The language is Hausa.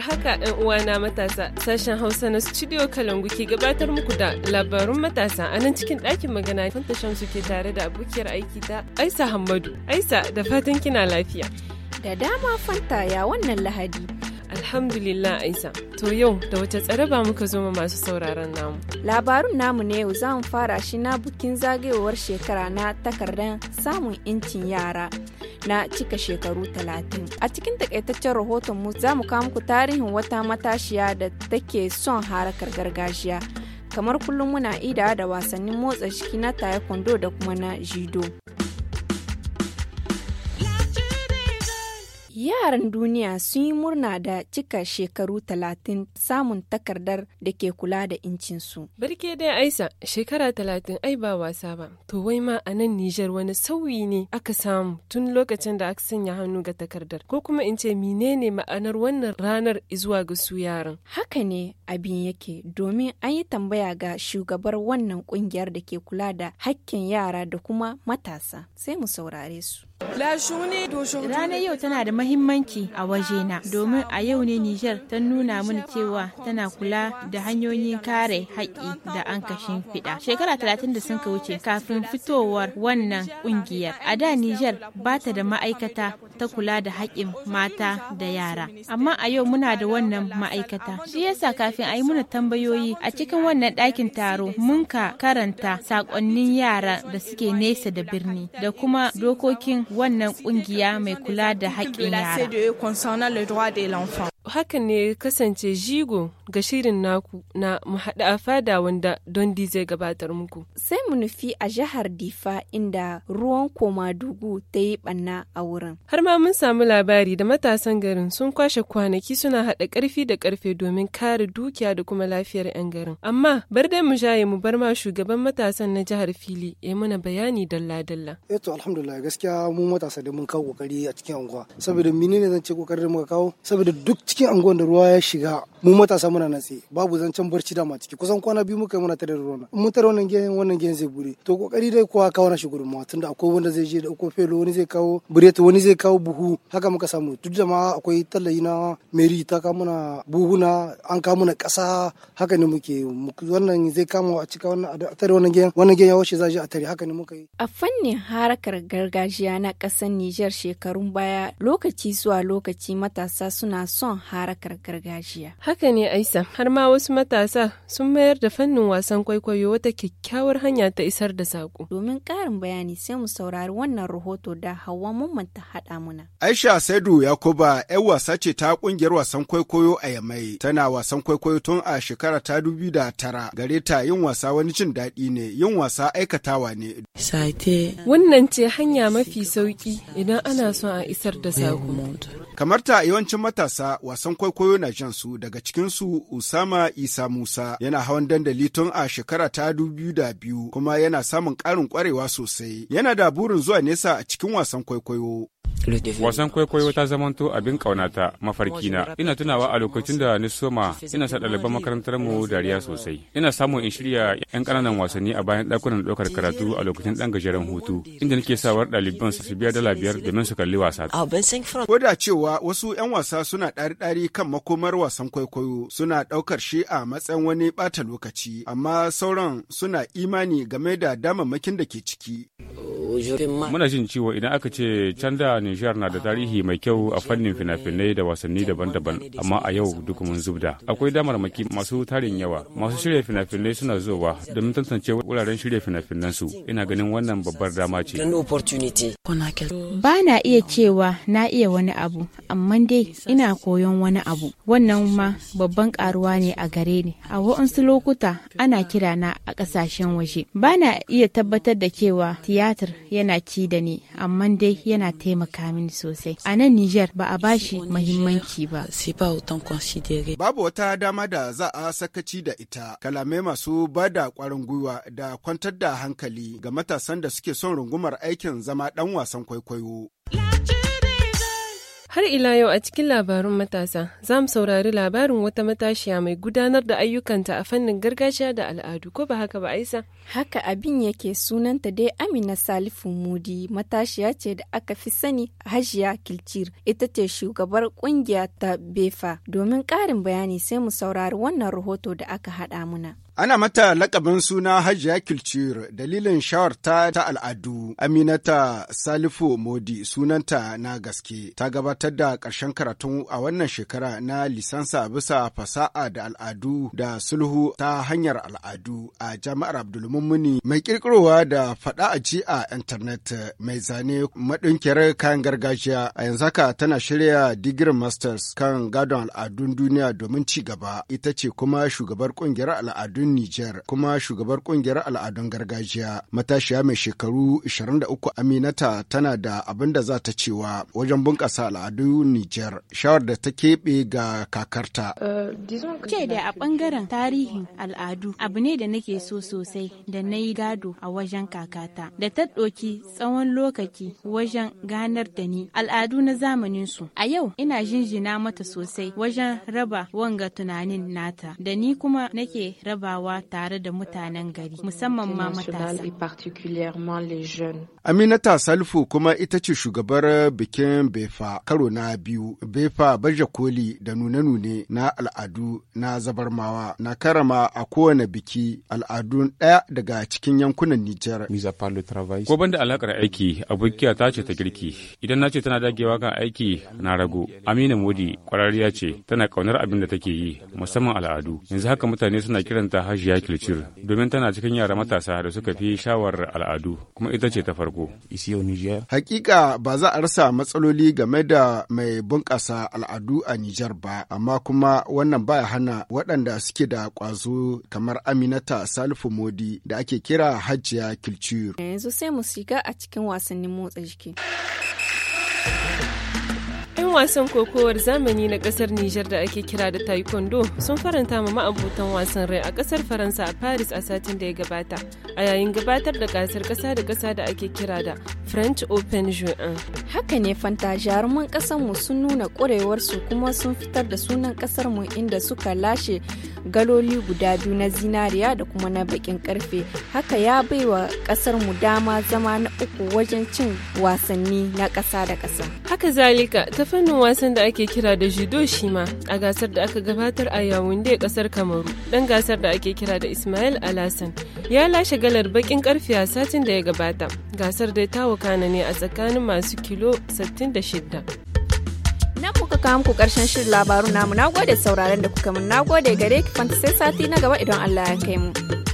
haka yan uwana matasa sashen hausa na studio kalangu ke gabatar muku da labarun matasa a nan cikin ɗakin magana fanta shamsu ke tare da abokiyar aiki ta aisa hamadu aisa da fatan kina lafiya da dama fanta ya wannan lahadi. Alhamdulillah Aisha, to yau da wace ba muka zo ma masu sauraron namu. Labarun namu ne yau za mu fara shi na bukin zagayowar shekara na takardar samun incin yara na cika shekaru talatin. A cikin takaitaccen rahoton mu za mu kawo muku tarihin wata matashiya da take son harakar gargajiya. Kamar kullum muna ida da wasannin motsa jiki na taekwondo da kuma na jido. Yaran duniya sun yi murna da cika shekaru talatin samun takardar da ke kula da incinsu. Barke dai Aisa, shekara talatin ai ba wasa ba. To wai ma a nan Nijar wani sauyi ne aka samu tun lokacin da aka sanya hannu ga takardar. Ko kuma in ce menene ma'anar wannan ranar zuwa ga su yaran? Haka ne abin yake domin an yi tambaya ga shugabar wannan kungiyar da ke kula da hakkin yara da kuma matasa. Sai mu saurare su. Ranar yau tana da mahimmanci a waje na, domin a yau ne Nijar ta nuna mun cewa tana kula da hanyoyin kare haƙƙi da an kashin fiɗa. Shekara talatin da sun ka wuce kafin fitowar wannan ƙungiyar. A da Nijar ba ta da ma'aikata ta kula da haƙƙin mata da yara. Amma a yau muna da wannan ma'aikata. Shi yasa kafin a yi muna tambayoyi a cikin wannan ɗakin taro mun ka karanta saƙonnin yara da suke nesa da birni da kuma dokokin wannan kungiya mai kula da haƙƙin yara. Hakan ne kasance jigo ga shirin naku na mahaɗa fada wanda dondi zai gabatar muku. Sai mu nufi a jihar Difa inda ruwan koma dugu ta yi ɓanna a wurin. Har ma mun samu labari da matasan garin sun kwashe kwanaki suna haɗa ƙarfi da ƙarfe domin kare dukiya da kuma lafiyar 'yan garin. Amma bar dai mu jaye mu bar ma shugaban matasan na jihar Fili ya mana bayani dalla-dalla. Eh to alhamdulillah gaskiya mu matasa da mun kawo kokari a cikin anguwa. Saboda menene zan ce kokarin muka kawo? Saboda duk cikin anguwan da ruwa ya shiga mu matasa muna nan tsaye babu zancen barci dama ciki kusan kwana biyu muka yi muna tare da rona mun tare wannan gehen wannan gehen zai bude to kokari dai kowa kawo na shi gudunmawa tunda akwai wanda zai je da uku felo wani zai kawo bureta wani zai kawo buhu haka muka samu duk da ma akwai tallayi na meri ta ka muna buhuna an ka muna kasa haka ne muke wannan zai kama a cika wannan a tare wannan gehen wannan gehen ya wuce za a tare haka ne muka yi a fannin harkar gargajiya na kasar Nijar shekarun baya lokaci zuwa lokaci matasa suna son harkar gargajiya Haka ne Aisa, har ma wasu matasa sun mayar da fannin wasan kwaikwayo wata kyakkyawar hanya ta isar da saƙo. Domin ƙarin bayani sai mu saurari wannan rahoto da hawa Mamman ta haɗa muna. Aisha Saidu Yakuba yar wasa ce ta ƙungiyar wasan kwaikwayo a Yamai. Tana wasan kwaikwayo tun a shekara ta dubi da tara. Gare ta yin wasa wani jin daɗi ne, yin wasa aikatawa ne. Wannan ce hanya mafi sauƙi idan ana son a isar da saƙo. Kamar ta yawancin matasa wasan kwaikwayo na jan su daga cikinsu Usama Isa Musa yana hawan dandali tun a shekara ta dubu da biyu kuma yana samun ƙarin ƙwarewa sosai. Yana da burin zuwa nesa a cikin wasan kwaikwayo. wasan kwaikwayo ta zamanto abin ƙaunata mafarkina ina tunawa a lokacin da ni soma ina sa ɗaliban makarantar mu dariya sosai ina samun in shirya yan ƙananan wasanni a bayan ɗakunan ɗaukar karatu a lokacin ɗan gajeren hutu inda nake sawar ɗaliban su biya dala biyar domin su kalli wasa. Ah, ko da cewa wasu yan wasa suna ɗari-ɗari kan makomar wasan kwaikwayo suna ɗaukar shi a matsayin wani ɓata lokaci amma sauran suna imani game da damammakin da ke ciki. Muna jin ciwo idan aka ce canza da Nijar na da tarihi mai kyau a fannin fina-finai da wasanni daban-daban amma a yau duk mun zubda. Akwai damarmaki masu tarin yawa. Masu shirya fina-finai suna zowa domin tantance wuraren shirya fina-finan su. Ina ganin wannan babbar dama ce. Ba na iya cewa na iya wani abu amma dai ina koyon wani abu. Wannan ma babban karuwa ne a gare ni. A waɗansu lokuta ana kira na a ƙasashen waje. Ba na iya tabbatar da cewa tiyatar yana ci da ni amma dai yana taimaka mini sosai a nan Nijar ba a bashi mahimmanci ba babu wata dama da za a sakaci da ita kalamai masu ba da kwarin gwiwa da kwantar da hankali ga matasan da suke son rungumar aikin zama dan wasan kwaikwayo Har ila yau a cikin labarun matasa za mu saurari labarin wata matashiya mai gudanar da ayyukanta a fannin gargajiya da al'adu ko ba haka ba Aisa? Haka abin yake sunanta dai Amina Salifu Mudi matashiya ce da aka fi sani Hajiya Kilcir ita ce shugabar kungiya ta Befa. Domin ƙarin bayani sai mu saurari wannan rahoto da aka haɗa muna. Ana mata lakabin suna Hajiya Kilcir dalilin shawarta ta al'adu Aminata Salifu Modi sunanta na gaske ta gabatar da ƙarshen karatu a wannan shekara na lisansa bisa fasa'a da al'adu da sulhu ta hanyar al'adu a jami'ar Abdulmumuni mai kirkirowa da faɗa a ji a intanet mai zane maɗinkiyar kayan gargajiya a yanzu haka tana shirya digirin masters kan gadon al'adun duniya domin ci gaba ita ce kuma shugabar ƙungiyar al'adu al'adun Nijar kuma shugabar kungiyar al'adun gargajiya matashiya mai shekaru 23 Aminata tana da abin da za ta cewa wajen bunƙasa al'adun Nijar shawar da ta keɓe ga kakarta. Eh, Ce da a ɓangaren tarihin al'adu abu ne da nake so sosai da na yi gado a wajen kakata da ta ɗoki tsawon lokaci wajen ganar da ni al'adu na zamanin su. A yau ina jinjina mata sosai wajen raba wanga tunanin nata da ni kuma nake raba tattaunawa tare da mutanen gari musamman ma matasa. Aminata Salfu kuma ita ce shugabar bikin Befa karo na biyu. Befa baje koli da nune-nune na al'adu na zabarmawa na karama a kowane biki al'adun ɗaya daga cikin yankunan Nijar. Ko ban da alakar aiki abokiya ta ce ta girki idan na ce tana dagewa kan aiki na ragu Amina Modi kwararriya ce tana ƙaunar abin da take yi musamman al'adu. Yanzu haka mutane suna kiranta hajiya kilcir domin tana cikin yara matasa da suka fi shawarar al'adu kuma ita ce ta farko. Hakika ba za a rasa matsaloli game da mai bunƙasa al'adu a Nijar ba, amma kuma wannan baya hana waɗanda suke da ƙwazo kamar Aminata Salifu Modi da ake kira hajiya kilcir. Yanzu sai mu shiga a cikin wasannin motsa jiki. wasan kokowar zamani na kasar Nijar da ake kira da Taekwondo sun faranta ma ma'abutan wasan rai a kasar Faransa a Paris a satin da ya gabata a yayin gabatar da gasar kasa da kasa da ake kira da French Open Juin. Haka ne fanta jaruman mu sun nuna su kuma sun fitar da sunan mu inda suka lashe galoli guda biyu na zinariya da kuma na bakin karfe. Haka ya bai baiwa mu dama zama na uku wajen cin wasanni na ƙasa da ƙasa. Haka zalika ta fannin wasan da ake kira da judo shima a gasar da aka gabatar a yawunde kasar Kamaru. Dan gasar da ake kira da Ismail Alasan ya lashe galar bakin karfi a satin da ya gabata gasar dai ta wakana ne a tsakanin masu kilo 66 nan muka kawo muku karshen shirin labaru namu na gode sauraron da kuka mun na gode gare ki fanta sai sati na gaba idan allah ya kai mu